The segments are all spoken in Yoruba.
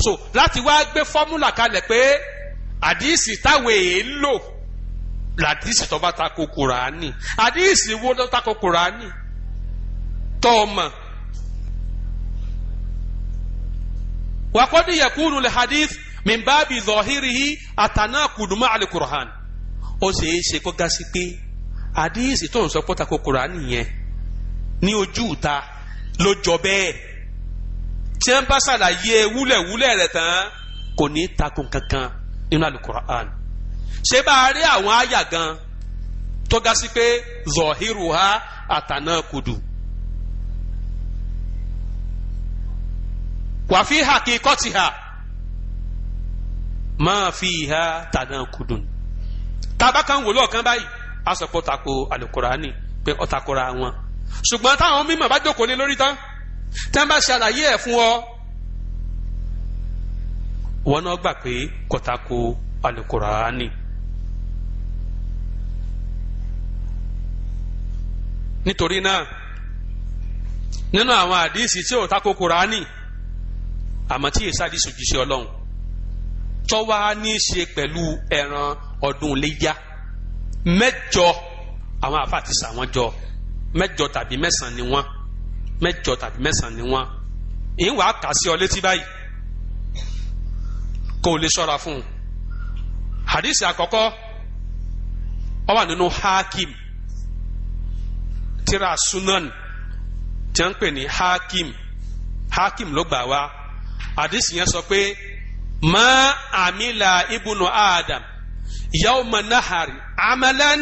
so láti wá gbé fọ́múlà kalẹ̀ pé àdìsí táwọn èèyàn ń lò làdìsí tó bá tako kùránì àdìsí wo ló tako kùránì tó o mọ̀. wàkọ́dí yakunu lè hadith min báàbí zọ̀hírihi àtànà kùdùmọ́ àlè kùrán ó ṣeé ṣe kó ga sí pé àdìsí tó ń sọ pé tako kùránì yẹn ní ojú ìta ló bẹ́ẹ̀ tí wọ́n bá ṣàlàyé wúlẹ̀wúlẹ̀ rẹ̀ tán kò ní takun kankan nínú alukur'an ṣé bá a rí àwọn àyà gan tó ga sí pé zọ̀hírù ha àtànà kudu. wàfi hakikọtiha máa fi ìhà tànà kudùn tábà kan wò lọ́ọ̀kan báyìí a sọ pé ó tako alukurani pé ó takora wọn ṣùgbọ́n táwọn mímọ̀ bá jókòó lé lórí tán tá a bá ṣàlàyé ẹ̀ fún ọ wọn náà gbà pé kọtako alukuraani nítorí náà nínú àwọn àdìsí tí ò tako kuraani àmọ́ tí èsì àdìsí òjíṣẹ́ Ọlọ́run tó wà ní í ṣe pẹ̀lú ẹran ọdún léyà mẹ́jọ àwọn àfa àti sàwọn jọ mẹ́jọ tàbí mẹ́sàn-án ni wọ́n mẹ́jọ tàbí mẹ́sàn-án ni wọ́n ìyẹn wàá kà sí ọ létí báyìí kó o lè ṣọ́ra fún un hadisi àkọ́kọ́ ó wà nínú hakim tírà sunan tí wọ́n ń pè ní hakim hakim ló gbà wá hadisi yẹn sọ pé ma amila ibnu adam yawma nahari amalan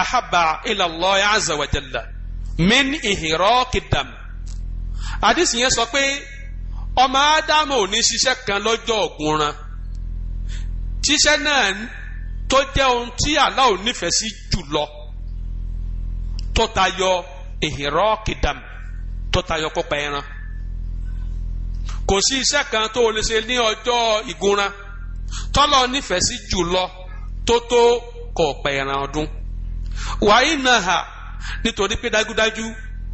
ahaba ila Allah azza min ìhìrọ́ kidam àdìsí yẹn sọ pé ọmọ ádámù ò ní ṣiṣẹ kan lọjọ ọ̀gbunran ṣiṣẹ náà tó jẹ ohun tí Allah ò sí jùlọ tó tayọ ìhìrọ́ kidam tó tayọ kópa ẹran kò sí iṣẹ kan tó o lè ṣe ní ọjọ́ ìgunran tọlọ nífẹ̀ẹ́ sí jùlọ tó nítorí pé dájúdájú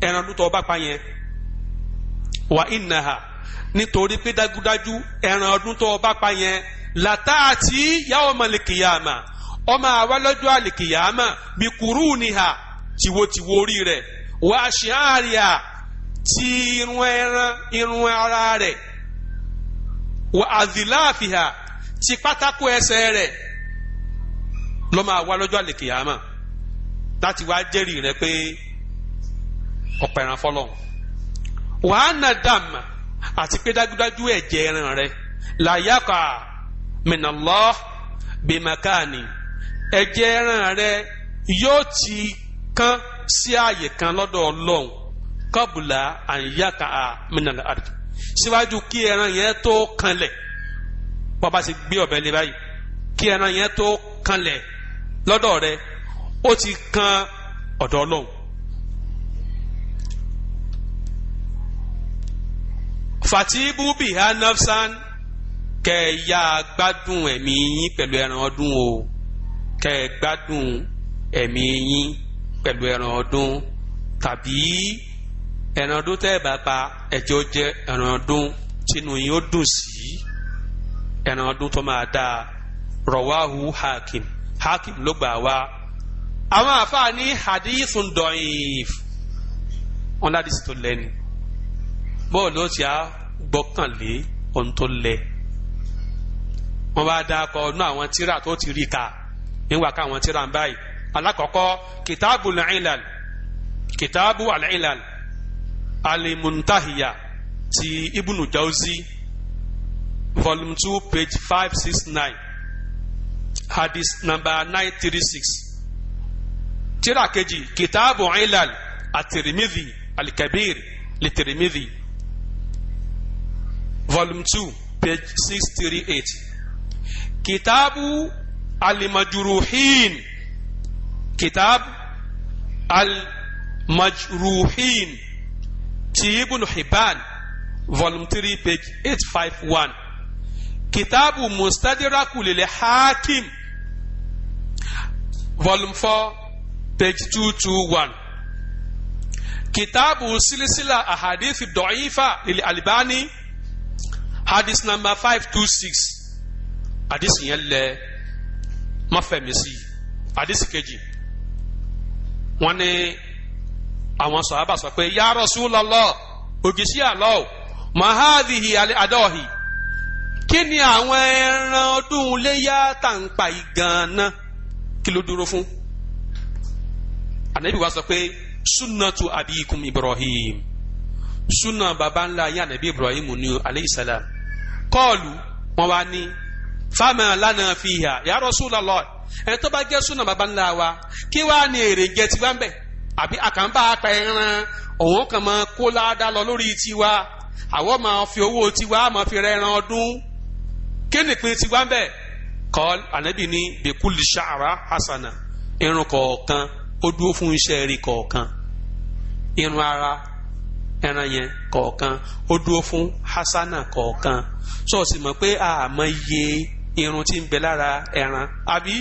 ẹran lútọ ọba pa yẹn wà ìnàhà nítorí pé dájúdájú ẹran ọdún tó ọba pa yẹn làtà àti yàwó malikiyama ọmọ àwa lọ́jọ́ àlìkìyàmà bí kúrú nìhà tìwòtìwò orí rẹ̀ wà á ṣe àríyá ti irun ẹran irun ara rẹ̀ wà á ha ti pátákó ẹsẹ̀ rẹ̀ lọ́mọ àwa lọ́jọ́ àlìkìyàmà. láti wá jẹ́rìí rẹ pé ọ̀pọ̀ ẹran fọlọ́hún wàá nà dàmà àti pé dájúdájú ẹ̀jẹ̀ ẹran rẹ làyàkà mìnàlọ́ bèmàkàní ẹ̀jẹ̀ ẹran rẹ yóò ti kán sí ààyè kan lọ́dọ̀ ọlọ́hún kọ́bùlà àyàkà mìnàlọ́ àdìgbò síwájú kí ẹran yẹn tó kanlẹ̀ bàbá sì gbé ọ̀bẹ lé báyìí kí ẹran yẹn tó kanlẹ̀ lọ́dọ̀ rẹ ó ti kan ọ̀dọ̀ ọlọ́run fatibu biha nafsan kẹ ya gbádùn ẹ̀mí yín pẹ̀lú ẹran ọdún o kẹ gbádùn ẹ̀mí yín pẹ̀lú ẹran ọdún tàbí ẹran ọdún tẹ́ ẹ bá pa ẹ̀jẹ̀ ó jẹ́ ẹran ọdún tínú yín ó dùn sí ẹran ọdún tó máa dáa rọwáhu hakim hakim ló gbà wá àwọn àfáà ní hadithun dọ̀yìf wọn láti sì tó lẹ́nu bọ́ọ̀lù ó ti á gbọ́kànlé ohun tó lẹ wọn bá dákọ ọdún àwọn tíra tó ti rí ka nígbà káwọn tíra ń báyìí alákọ̀ọ́kọ́ kìtàbù al-ilal kìtàbù al-ilal alimuntahiya ti ibùnú jauzi volume two page five six nine hadith number nine three six. tíra kejì kìtàbù ilal àtìrìmìdì alikabir lìtìrìmìdì volume 2 page 638 three eight kìtàbù alimajuruhin kìtàb alimajuruhin ti ibn hibban volume 3 page 851 kitabu one kìtàbù hakim volume 4 page two two one kitaabu silisila ahadithi dọọyifa lili alibani hadith number five two six hadith yẹn lẹ mafẹmisi hadith kejì wọ́n ní àwọn sọ̀hábà sọ pé ya Rasulullah ògìsí àlọ́ mahadihi ali kí ni àwọn ẹran ọdún léyà tàǹpà ìgànnà kí ló dúró fún anabi wa sọ pé sunnatu abikum ibrahim sunna baba ńlá yín anabi ibrahim ni aleyhi salam kọ́ọ̀lù wọn wá ní fama lana fiha ya Rasulullah ẹni tó bá jẹ́ sunna baba ńlá wa kí wàá ní èrè jẹ tiwa ń bẹ̀ àbí àkànbá apẹ̀ ẹran òun kàn máa kó láadá lọ lórí tiwa àwọn máa fi owó tiwa máa fi rẹran ọdún kí nìpín tiwa ń bẹ̀ kọ́ọ̀lù anabi ní bẹ́kúlì ṣàrà hasana irun kọ̀ọ̀kan ó dúró fún iṣẹ́ rí kọ̀ọ̀kan irun ara ẹran yẹn kọ̀ọ̀kan ó dúró fún hasana kọ̀ọ̀kan so sì mọ̀ pé àmọ́ iye irun tí ń bẹ lára ẹran àbí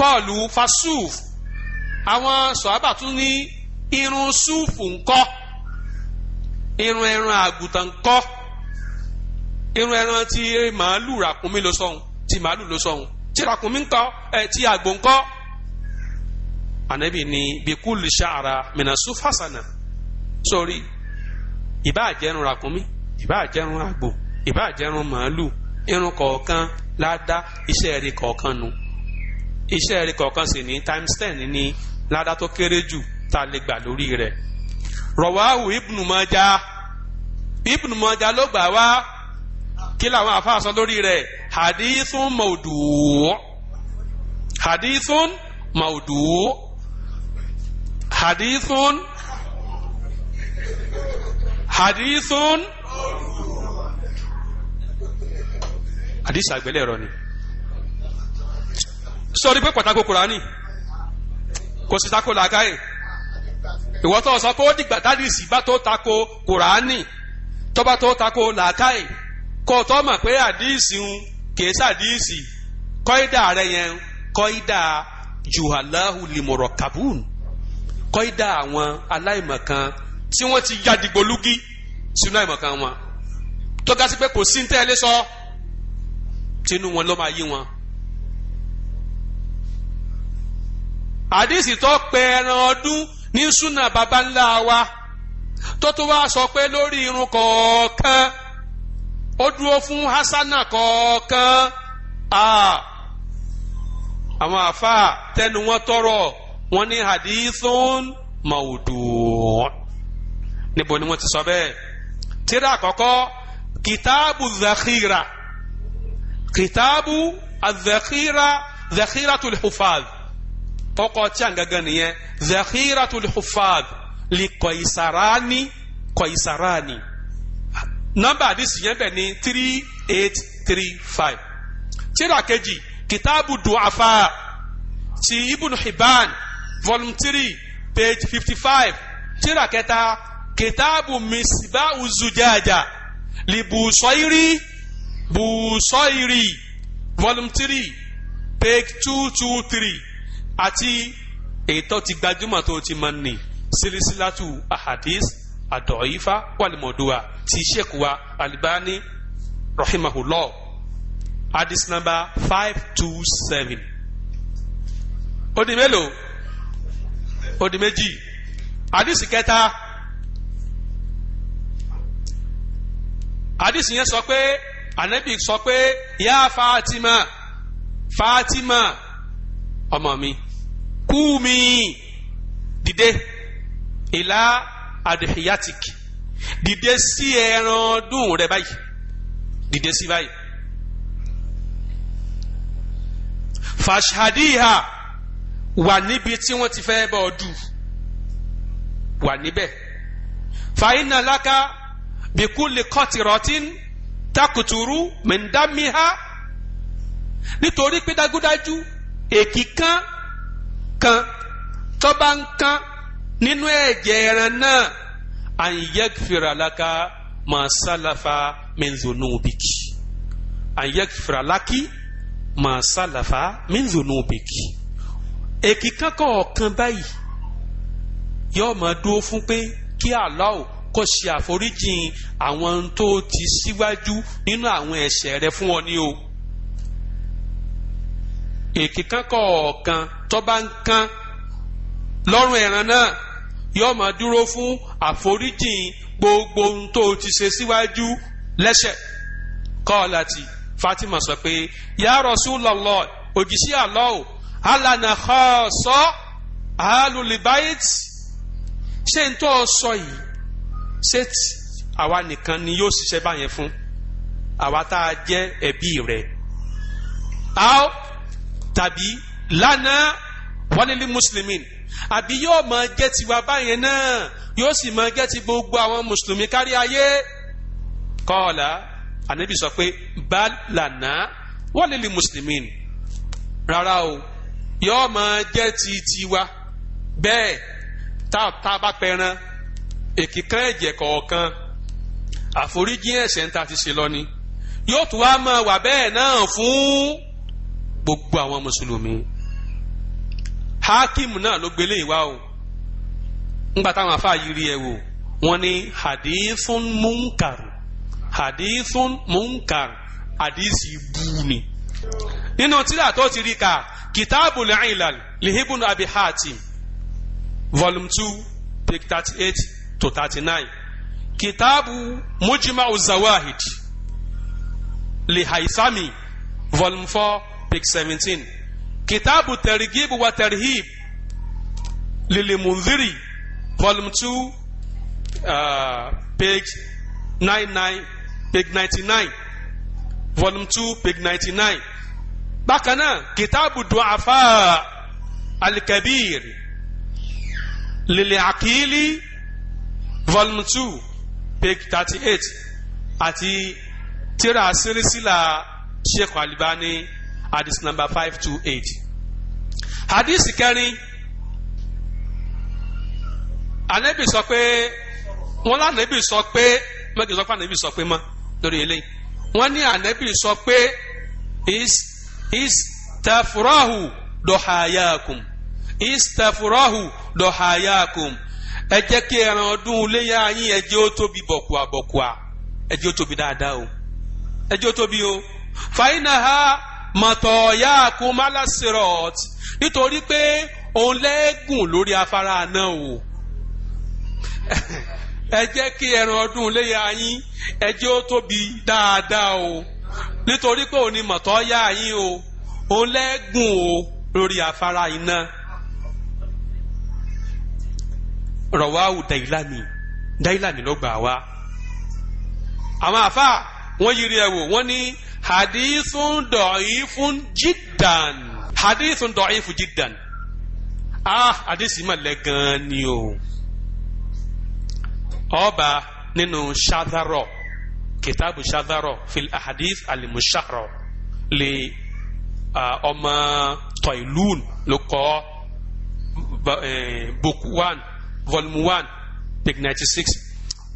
kọ́ọ̀lù fasuf àwọn sọ̀ábà tún ní irun súùfù ńkọ́ irun ẹran àgùntàn ńkọ́ irun ẹran tí màálù ràkúnmí ló sọ̀hún tí màálù ló sọ̀hún tí ràkúnmí ńkọ́ ẹ̀ tí àgbò ńkọ́ anabi ni bikul sha'ara mina suf hasana sori ìbá jẹrun ràkúnmí ìbá jẹrun àgbò ìbá jẹrun màálù irun kọ̀ọ̀kan ládá iṣẹ́ rí kọ̀ọ̀kan nu iṣẹ́ rí kọ̀ọ̀kan sì ní times ten ní ládá tó kéré jù tá a lè gbà lórí rẹ̀ rọ̀wáhù ibnu mọ́já ibnu mọ́já ló gbà wá kí làwọn àfa sọ lórí rẹ̀ hadithun maudu hadithun maudu hadithun hadithun hadith àgbélẹ̀rọ ni sọrí pé pàtàkó kùránì kò sí tako làákàyè ìwọ tó sọ pé ó dìgbà tádìsì bá tó tako kùránì tó bá tó tako làákàyè kó tó mọ̀ pé àdìsì ń kèé sàdìsì kọ́ídà rẹ̀ yẹn kọ́ídà juhalahu limorokabun kọ́ídà àwọn aláìmọ̀kan tí wọ́n ti ya dìgbòlugi sínú àìmọ̀kan wọn tó ga sí pé kò sí ní tẹ́lẹ̀ sọ tinú wọn ló máa yí wọn. àdìsí tó pẹ ẹran ọdún ní súnà baba ńlá wa tó tó wá sọ pé lórí irun kọ̀ọ̀kan ó dúró fún hasana kọ̀ọ̀kan àwọn àfa tẹnu wọn tọrọ wọ́n ní hadithun mawdu' níbo ni wọ́n ti sọ bẹ́ẹ̀ tírà àkọ́kọ́ kìtàbù zakhira kìtàbù azakhira zakhiratul hufadh kọ́kọ́ tí a ń gangan nìyẹn zakhiratul hufadh li Qaisarani Qaisarani nọ́mbà àdìsí yẹn bẹ̀ ní three eight three five tírà kejì kìtàbù du'afa ti ibùn hibban volume three page fifty five tírà kẹta kìtàbù misbahu zujaja li Busoiri Busoiri volume three page two two three Ati ètò ti gbajúmọ̀ tó ti mọ̀ ní silisilatu ahadis adọ̀ífa walimọ̀dúwa ti sheikh alibani Albani rahimahullah hadis number five two seven. ó di mélòó. Odi meji, méjì àdìsí kẹta àdìsí yẹn sọ pé ànábì sọ ya Fatima Fatima ọmọ mi kú mi ila ìlà adhiyatik dìde sí ẹran ọdún rẹ báyìí si sí báyìí wà níbi tí wọ́n ti fẹ́ bọ́ ọ dù wà níbẹ̀ fàyínà lákà bìkú lè kọ́ tìrọ̀tìn takùtùrú mẹ́ńdámíhá nítorí pé dágúdájú èkì kan kan tó bá ń kan nínú ẹ̀jẹ̀ ẹran náà àyẹ̀kfìrà lákà máa sálàfà mẹ́ńzónúbìkì àyẹ̀kfìrà lákì máa sálàfà mẹ́ńzónúbìkì èkìkan kọ̀ọ̀kan báyìí yóò máa dúró fún pé kí Allah kó ṣe àforíjìn àwọn tó ti síwájú nínú àwọn ẹ̀ṣẹ̀ rẹ fún ọ ní o èkìkan kọ̀ọ̀kan tó bá ń kán lọ́rùn ẹran náà yóò máa dúró fún àforíjìn gbogbo ohun tó ti ṣe síwájú lẹ́ṣẹ̀ kọ́ ọ láti Fatima sọ pé ya Rasulullah òjì sí Allah alana xɔsɔ alulibait ṣé n tó sọ yìí ṣé àwa nìkan ni yóò ṣiṣẹ́ báyẹn fún àwa tá a jẹ́ ẹbí rẹ̀ aw tàbí lana wálélí mùsùlùmí àbí yóò máa jẹ́ tiwa báyẹn náà yóò sì máa jẹ́ ti gbogbo àwọn mùsùlùmí kárí ayé kọ́ọ̀lá ànábì sọ pé bá lana wálélí mùsùlùmí rárá o yóò máa jẹ́ ti tiwa bẹ́ẹ̀ tá a bá pẹran èkìkan ẹ̀jẹ̀ kọ̀ọ̀kan àforíjì ẹ̀ṣẹ̀ ń ta ti ṣe lọ ni yóò tún wá máa wà bẹ́ẹ̀ náà fún gbogbo àwọn mùsùlùmí hakim náà ló gbélé ìwá o ńgbà táwọn afáàyí rí ẹ wò wọ́n ní hadithun munkar hadithun munkar hadithi bú ni nínú tíra tó ti rí ka كتاب العلل لابن ابي حاتم فولوم 2 بيك 38 تو 39 كتاب مجمع الزواهد لهيثمي فولوم 4 بيك 17 كتاب الترغيب والترهيب للمنذري فولوم 2 بيك 99 بيك 99 فولوم 2 بيك 99 bákan náà kìtàbù du'afa alikabir lili akili volume two page thirty eight àti tírà sírísílà sheikh alibani hadith number five two eight hadith kẹrin anabi sọ pé wọn lànàbi sọ pé mẹgì sọ pé anabi sọ pé mọ lórí eléyìí wọn ní anabi sọ pé is istafurahu dọ̀háyàkùn istafurahu dọ̀háyàkùn ẹ kí léyà yín ó tóbi ó tóbi dáadáa o ẹ ó tóbi o fàyínà ha nítorí pé òun lẹ́gùn lórí afárá náà o ẹ jẹ́ kí ẹran ọdún léyà yín o. nítorí pé òní mọ̀tọ́ yá yín o òun lẹ́gùn o lórí afárá iná rọ̀wáwù dàílàní dàílàní ló gbà wá àwọn àfà wọ́n yiri ẹ̀ wò wọ́n ní hadithun da'ifun jiddan hadithun da'ifun jiddan ah hadith yìí mà lẹ́gàn ni o ọba nínú ṣáfárọ̀ kitabu shadaro fil ahadith alimusharo lè ọmọ toilun ló kọ book one volume one page ninety six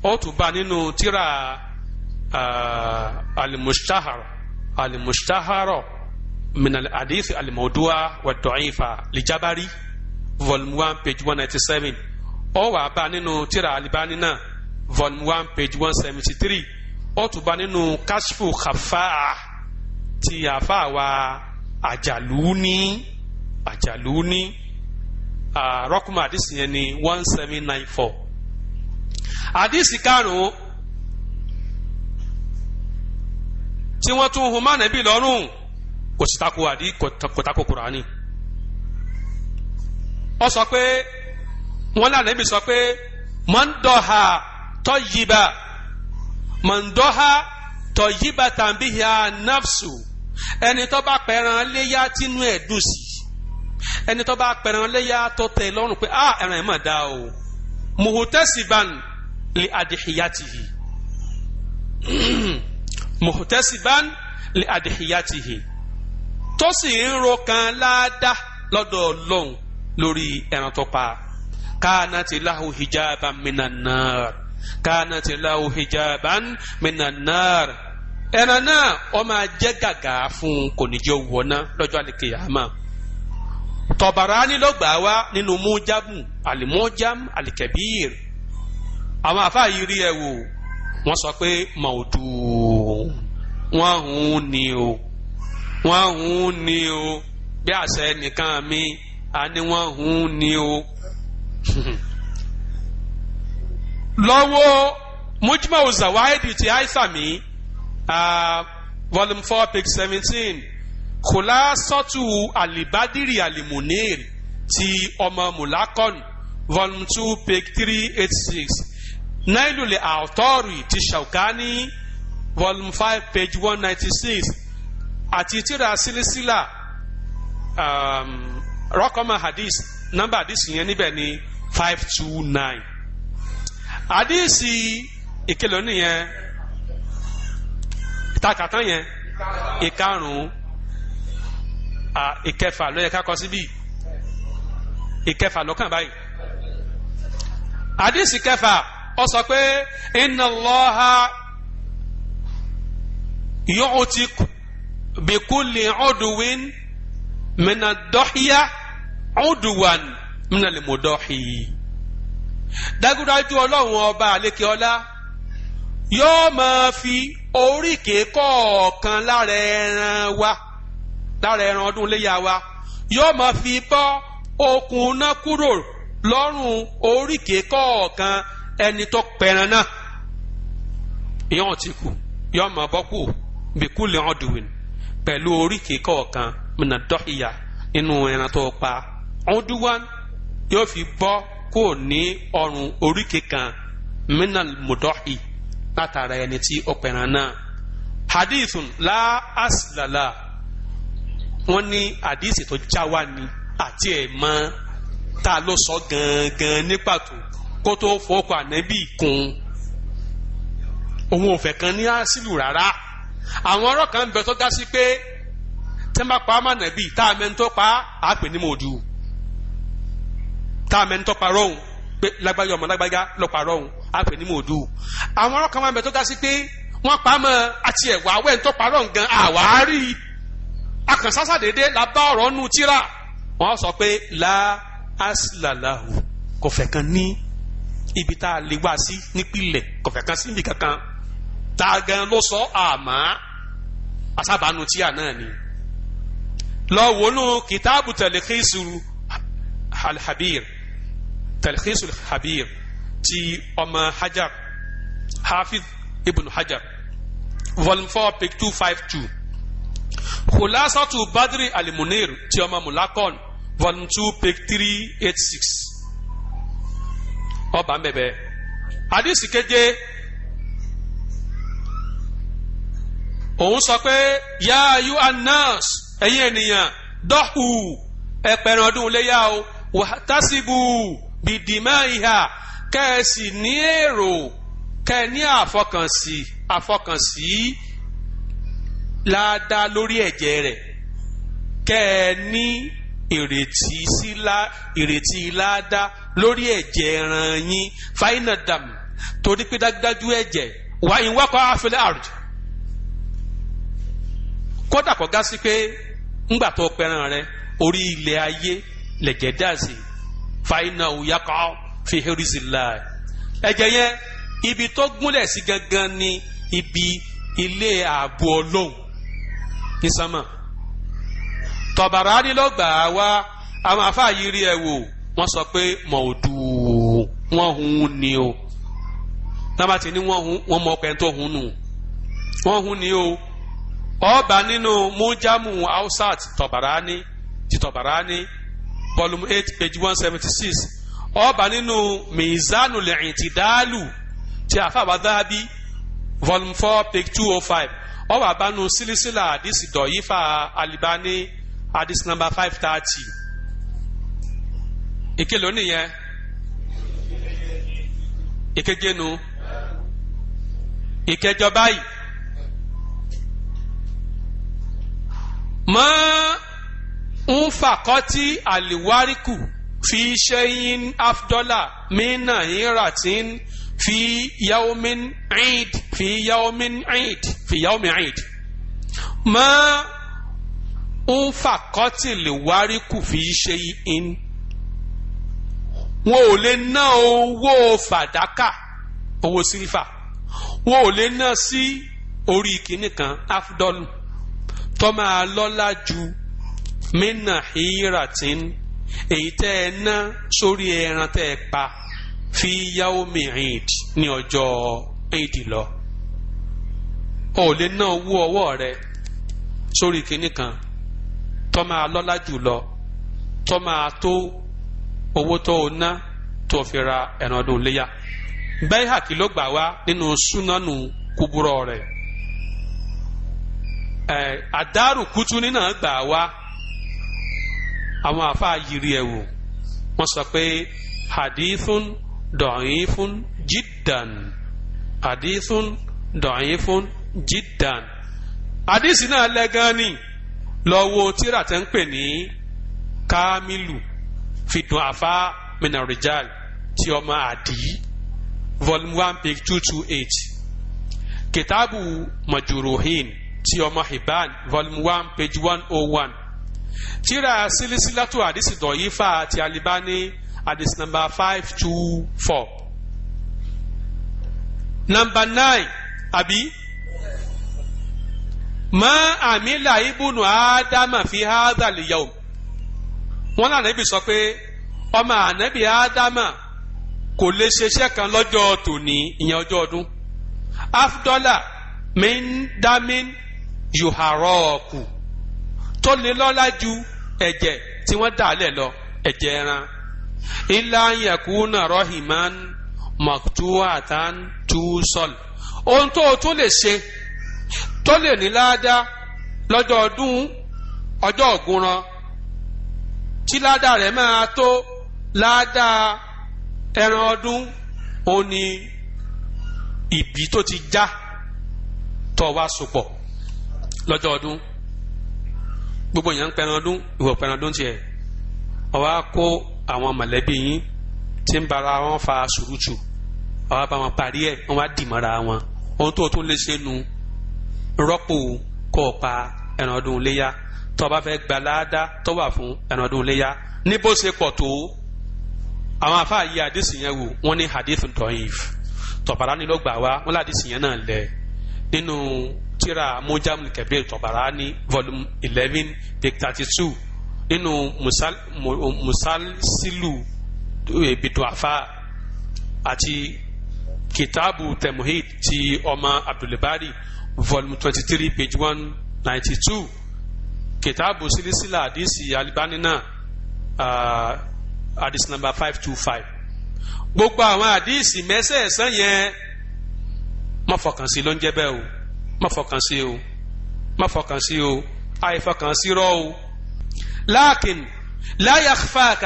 ó tún bá nínú tírà alimushaharo alimushaharo minal hadith alimodua wa dọ̀yìnfà lijabari volume one page one ninety seven ó wà bá nínú tírà alibani náà volume one page one seventy three ó tún bá nínú kashfu khafa ti àfa wa àjàlúní àjàlúní rọ́kùnmọ́ àdìsí yẹn ní one seven nine four àdìsí karùn-ún tí wọ́n tún hun máa nẹ́bí lọ́rùn kò sì takò àdí kò takò kùránì ó sọ pé wọ́n lànà ibi sọ pé mọ́ńdọ̀ha tọ́yìíba mọ̀ndọ́há tọ̀yíba tàbí ya nafsu ẹni tó bá pẹran léyà tínú ẹ̀ dùn sí ẹni tó bá pẹran léyà tó tẹ́ lọ́rùn pé ah ẹran ẹ̀ mà dá o muhutasiban li adihiyatihi muhutasiban li adihiyatihi tó sì ń ro kan láadáa lọ́dọ̀ ọlọ́run lórí ẹran tó pa káà ti láhùn hijaba minan nar kánàtì láwù hijaban minan nar ẹran náà ó máa jẹ́ gàgà fún un kò ní jẹ́ òwò náà lọ́jọ́ àlìkèyàmà tọ̀bàrà nílọ́gbà wá nínú mújámù àlìmọ́jám àlìkẹ̀bíir àwọn àfáà yìí rí ẹ wò wọ́n sọ pé màòdù wọ́n hùn ní o wọ́n hùn ní o bí àṣẹ nìkan mi a ní wọ́n hùn ní o. lọ́wọ́ mujmau zawaidi ti aisami uh, volume four page seventeen kòlásọ́tù alibadiri alimunir ti ọmọ mulakon volume two page three eight six nailule aotori ti shaukani volume five page one ninety six àti tíra silisila um, rọkọmọ hadith nọ́mbà hadith yẹn níbẹ̀ ni five two nine. si, ìkẹlẹ oníyẹn takàtàn yẹn ìkarùn-ún ìkẹfà ló yẹ ká kọ síbí ìkẹfà lọ́kàn báyìí si kẹfà ó sọ pé inna Allaha yu'ti bikulli udwin mina dọ́híyá udwan mina lè dájúdájú ọlọ́run ọba àlékè ọlá yóò máa fi oríkèé kọ̀ọ̀kan lára ẹran wa lára ẹran ọdún iléyà wa yóò máa fi bọ́ okùn náà kúrò lọ́rùn oríkèé kọ̀ọ̀kan ẹni tó pẹran náà yóò ti kù yóò máa bọ́ kù bíkúlẹ̀ ọ̀dùnwìn pẹ̀lú oríkèé kọ̀ọ̀kan mìíràn dọ́hìyà nínú ẹran tó pa ọdún wa yóò fi bọ́ kúrò ní ọrùn oríkè kan minal mudohi látara ẹni tí ó pẹ̀ràn náà hadithun la asilala wọ́n ní hadith tó já wa ni àti ẹ̀ mọ́ tá a ló sọ gangan ní pàtó kó tó fọwọ́kọ̀ ànábì kún òun ò fẹ́ kan ní àṣìlù rárá àwọn ọ̀rọ̀ kan bẹ tó dá sí pé tẹ́ńbà pa á mọ̀ tá a mẹ́ńtọ́ pa á pè ní mòdù tá a mẹ́ni tó parọ́ òun pé lágbájá ọmọ lágbájá lọ parọ́ òun á pè ní mòdù àwọn ọlọ́kan máa bẹ tó ga sí pé wọ́n pa á mọ́ àti ẹ̀wà awẹ́ ń tó parọ́ òun gan àwárí akànsásá dédé la bá ọ̀rọ̀ nù tíra wọ́n sọ pé la asilalahu kò fẹ́ kan ní ibi tá a lè wá sí nípìnlẹ̀ kò kan sí ibi kankan tá a gan ló sọ àmọ́ asábàánu tíra náà ni lọ́wọ́nù kìtàbù tẹ̀lé kéésù alhabir talhisul الخبير ti ọmọ hajar hafiz ابن hajar volume four page two five two khulasatu badri alimunir ti ọmọ mulakon volume two page three eight six ọba mbẹbẹ hadisi keje òun sọ pé yá yu anas ẹ̀yin ènìyàn dọ́hù ẹ̀pẹ̀rẹ̀ ọdún léyà o wàtásìbù bìdìmáìhà kẹ́ẹ̀sì ní èrò kẹ́ẹ̀ ní àfọkànsí àfọkànsí láadáa lórí ẹ̀jẹ̀ rẹ̀ kẹ́ẹ̀ ní ìrètí sílá ìrètí láadáa lórí ẹ̀jẹ̀ ẹran yín fáínà dàmù torí pé dájúdájú ẹ̀jẹ̀ wáyé wákọ̀ àfẹlẹ́ àrùd kódà kọ́ gá sí pé ńgbà tó pẹran rẹ orí ilẹ̀ ayé lẹ̀jẹ̀ dáàsì fàyínà òyàkọ́ fi la, ẹ̀jẹ̀ yẹn ibi tó gúnlẹ̀ sí gangan ni ibi ilé ààbò ọlọ́run ní sámà tọ̀bàránì ló gbà á wá àwọn afáàyí rí ẹ wò wọ́n sọ pé mọ̀ọ́dù wọ́n hun ni o tábà tí ní wọ́n hun wọ́n mọ ọkọ̀ ẹ̀ tó hun nù wọ́n hun ni o ọba nínú mújámù haúsá ti tọ̀bàránì ti tọ̀bàránì volume eight page one seventy six ọba nínú mizanu lẹ́yìn ti dáàlù ti àfàwà dábí volume four page two oh five ọba bánu sílísílà àdìsí dọ̀yífà alibani àdìsí number five thirty ìkẹlẹ́ oníyẹn ìkẹgẹnu ìkẹjọ báyìí mọ́ ń fàkọ́tí àlìwárìkù fi ṣẹ́yìn afdọ́là mínà ìratin fi yaomin eid fi yaomin eid fi yaomin eid mọ́ ń fàkọ́tì àlìwárìkù fi ṣẹ́yìn wọn ò lè ná owó fàdákà owó sílífà wọn ò lè ná sí orí kìnnìkan afdọ́lù tó máa lọ́lá ju mina hiratin èyí tẹ́ ẹ ná sórí ẹran tẹ́ ẹ pa fi yaomi eid ní ọjọ eid lọ o lè ná owó ọwọ rẹ sórí kinní kan tó máa lọ́lá jùlọ tó máa tó owó tó o ná tó fi ra ẹran ọdún léyà bẹ́ẹ̀ hàkí ló gbà wá nínú súnánù kúburọ̀ rẹ̀ ẹ̀ àdárù kútú gbà wá. àwọn àfáà yiri ẹ̀ wò wọ́n sọ pé hadithun da'ifun jiddan hadithun da'ifun jiddan hadith náà lẹ́gán ni lọ wo tíra tẹ́ ń pè ní kamilu fìdùn àfa minarijal ti ọmọ àdí volume one page two two eight kitabu majuruhin ti ọmọ hibban volume one page one oh one tira tíra sílísílátù àdìsí dọ̀yífà àti Albani àdìsí nàmbà five two four. nàmbà nine àbí ma àmìlà ibùnú ádámà fi hádà lìyàwó wọn lànà ibi sọ pé ọmọ ànábì ádámà kò lè ṣeṣẹ́ kan lọ́jọ́ tòní ìyẹn ọjọ́ ọdún afdọ́là min damin yuharọ́ọ̀kù. tó lè lọ́lá ju ẹ̀jẹ̀ tí wọ́n dà lẹ̀ lọ ẹ̀jẹ̀ ẹran ilá yakuna rahiman maktuatan tusol ohun tó o tó lè ṣe tó lè ní ládàá lọ́jọ́ ọdún ọjọ́ ògúnran tí ládàá rẹ̀ máa tó ládàá ẹran ọdún ó ní ìbí tó ti já tó wá sopọ̀ lọ́jọ́ ọdún. gbogbo yẹn ń pẹran ọdún ìwọ pẹran ọdún tiẹ̀ ọwọ́ á kó àwọn mọ̀lẹ́bí yín tí ń bara wọn fa sùrùtù ọwọ́ á bá wọn parí ẹ̀ wọ́n á dì mọ́ra wọn ohun tó o tún lè ṣe nu rọ́pò kó o pa ẹran ọdún léyà tó o bá fẹ́ gba láàdá tó fún ẹran ọdún léyà ní bó ṣe pọ̀ tó àwọn afa yìí àdìsí yẹn wò wọ́n ní hadith dọ̀yìn tọ̀bàrà nílò gbà wá wọ́n ládìsí yẹn náà lẹ̀ nínú tírà mojam kebir tọbarani volume eleven page thirty two nínú musalsilu eh, biduafa àti kitabu temuhid ti ọmọ abdulbari volume twenty three page one ninety two kitabu silisila adisi alibanina uh, hadisi number five two five gbogbo àwọn adisi mẹ́sẹ̀ẹ̀sán yẹn mọ́fọkànsí ló ń jẹ́ bẹ́ẹ̀ o má fọkàn sí o má fọkàn sí o àìfọkàn sí rọ o. lákìn لا يخفاك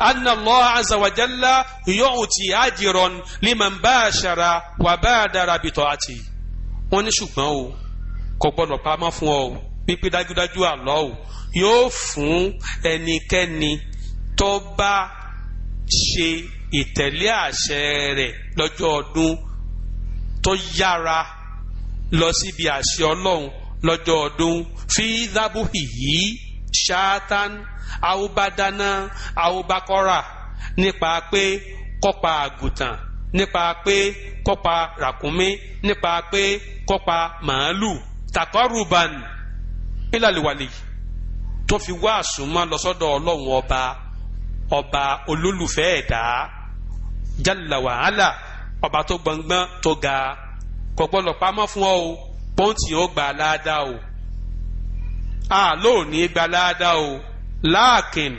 أن الله عز وجل يعطي أجرا لمن باشر وبادر بطاعته wọ́n ní ṣùgbọ́n o kò gbọ́dọ̀ pamọ́ fún ọ o pípé dájúdájú àlọ́ o yóò fún ẹnikẹ́ni tó bá ṣe ìtẹ̀lé àṣẹ rẹ̀ lọ́jọ́ ọdún tó yára lọ síbi àṣẹ ọlọ́run lọ́jọ́ ọdún fi dábùhì yìí ṣáátán àwòbádáná àwòbákọ́rà nípa pé kọ́pa àgùntàn nípa pé kọ́pa ràkúnmí nípa pé kọ́pa màálù takọ́rùbàn ìlàlùwàlì tó fi wá àsùnmọ́ lọ́sọ́dọ̀ ọlọ́run ọba ọba olólùfẹ́ ẹ̀dá jalla wàhálà ọba tó gbọ̀ngbọ́n tó ga kò gbọ́dọ̀ pamọ́ fún ọ o pọ́ǹtì yẹn ó gbà láàdá o àlóòní gbà láàdá o láàkìn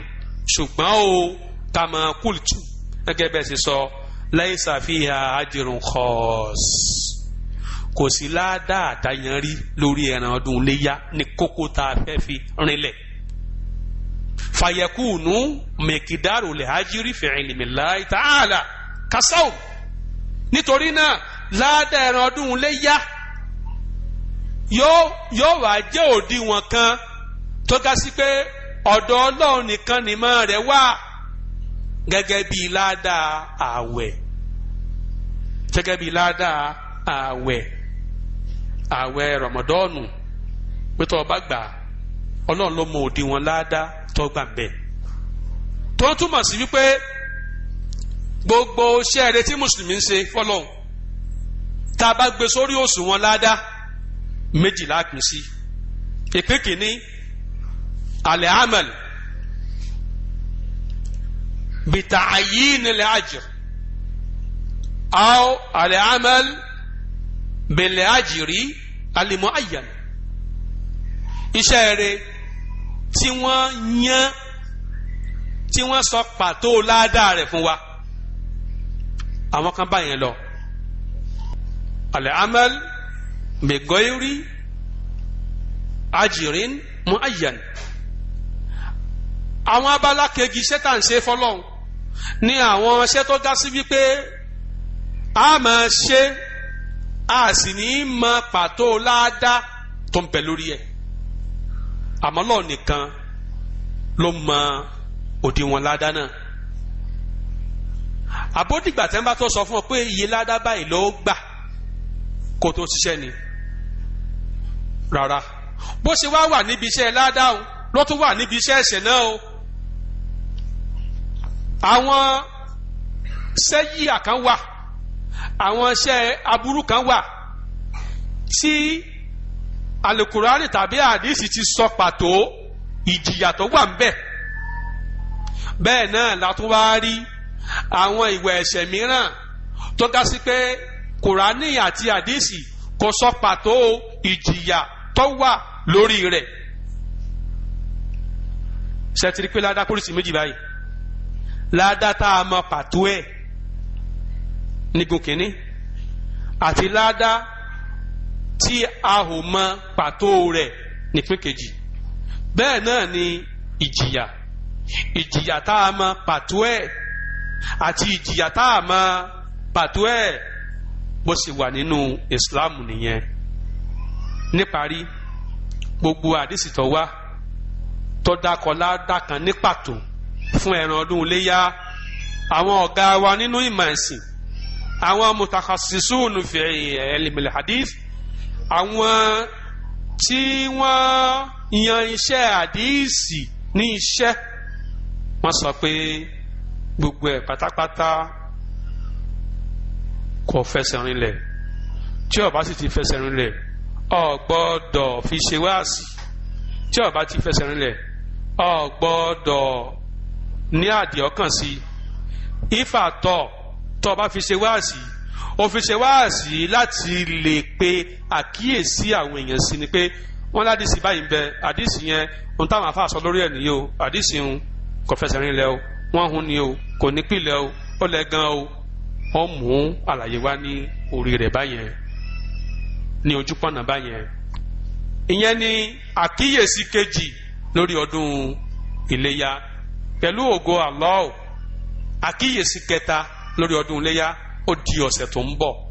ṣùgbọ́n o kàmá kùlùtù gẹ́gẹ́ bẹ́ẹ̀ ṣe sọ lẹ́yìn ṣàfihàn àjẹrùn kọ́ọ̀s kò sí láàdá àtàyànrí lórí ẹran ọdún léyà ní kókó tá a fẹ́ fi rinlẹ̀ fàyẹ̀kùnú mẹ̀kìdárò lè hajiri fi ilmi Allah ta'ala kásáwò nítorí náà láàdá ẹran ọdún léyà yóò yóò wá jẹ́ òdiwọ̀n kan tó ga sí pé ọ̀dọ̀ ọlọ́run nìkan nìmọ̀ rẹ̀ wà gẹ́gẹ́ bí láàdá ààwẹ̀ gẹ́gẹ́ bí láàdá ààwẹ̀ ààwẹ̀ rọ̀mọ̀dọ́ọ̀nù pé tó gbà ọlọ́run ló mọ òdiwọ̀n láàdá tó gbà bẹ́ẹ̀ tó túmọ̀ sí wípé gbogbo iṣẹ́ tí mùsùlùmí ń ṣe fọlọ́hún tá a bá gbé sórí òṣùwọ̀n ládàá méjìlá pín sí ìpín kìíní alẹ́ amal bìtà ayé nílẹ̀ àjẹ́ aw alẹ́ amal bẹ̀lẹ̀ àjìrí alimọ̀ àyàn iṣẹ́ rẹ̀ tí wọ́n yán tí wọ́n sọ pàtó ládàá rẹ̀ fún wa àwọn kan bá yẹn lọ. العمل amal bi ghairi ajirin muayyan àwọn abala kejì iṣẹ́ tá à ń ṣe fọlọ́hún ní àwọn iṣẹ́ tó dá sí wípé a máa ṣe a sì ní mọ pàtó ládàá tó ń bẹ lórí ẹ̀ àmọ́ lọ́ọ̀ nìkan ló mọ òdiwọ̀n ládàá náà àbódìgbà tẹ́ tó sọ fún ọ pé iye ládàá báyìí ló gbà kó tó ṣiṣẹ́ ni rárá bó ṣe wá wà níbi iṣẹ́ ládàá ló tún wà níbi iṣẹ́ ẹ̀ṣẹ̀ náà o àwọn sẹ́yìà kan wà àwọn iṣẹ́ aburú kan wà tí alukurani tàbí àdìsí ti sọ pàtó ìjìyà tó wà ń bẹ́ẹ̀ náà la àwọn ìwà ẹ̀ṣẹ̀ mìíràn tó ga sí pé kùránì àti àdìsí kò sọ pàtó ìjìyà tó wà lórí rẹ̀ sẹtiri pé ládàá pólísì méjì báyìí ládàá tá a mọ pàtó ẹ̀ nígun kínní àti ládàá tí a ò mọ pàtó rẹ̀ nípín kejì bẹ́ẹ̀ náà ni ìjìyà ìjìyà tá a mọ pàtó ẹ̀ àti ìjìyà tá a mọ pàtó ẹ̀ bó sì wà nínú Islam nìyẹn níparí gbogbo àdìsí tó wá tó dákọ ládà kan ní pàtó fún ẹran ọdún iléyà àwọn ọ̀gá wa nínú ìmọ̀ ẹ̀sìn àwọn mutakhasisun fi ilmil hadith àwọn tí wọ́n yan iṣẹ́ àdìsí ní iṣẹ́ wọ́n sọ pé gbogbo ẹ̀ pátápátá kò fẹsẹ̀ rinlẹ̀ tí ó bá sì ti fẹsẹ̀ rinlẹ̀ ó gbọ́dọ̀ fi ṣe wáàsí tí ó bá ti fẹsẹ̀ rinlẹ̀ ó gbọ́dọ̀ ní àdì ọkàn sí ifá tọ tó bá fi ṣe wáàsí ó fi ṣe wáàsí láti lè pe àkíyèsí àwọn èèyàn sí ni pé wọn ládìsí báyìí ń bẹ àdìsí yẹn ohun táwọn afa sọ lórí ẹ nìyí o àdìsí ń kò fẹsẹ̀ o wọ́n hun ni o kò ní pìlẹ̀ o ó lẹ̀ gan o wọ́n mú àlàyé wá ní orí rẹ̀ báyẹn ní ojúpọ̀nà báyẹn ìyẹn ni àkíyèsí kejì lórí ọdún iléyá pẹ̀lú ògo Allah àkíyèsí kẹta lórí ọdún iléyá ó di ọ̀sẹ̀ tó ń bọ̀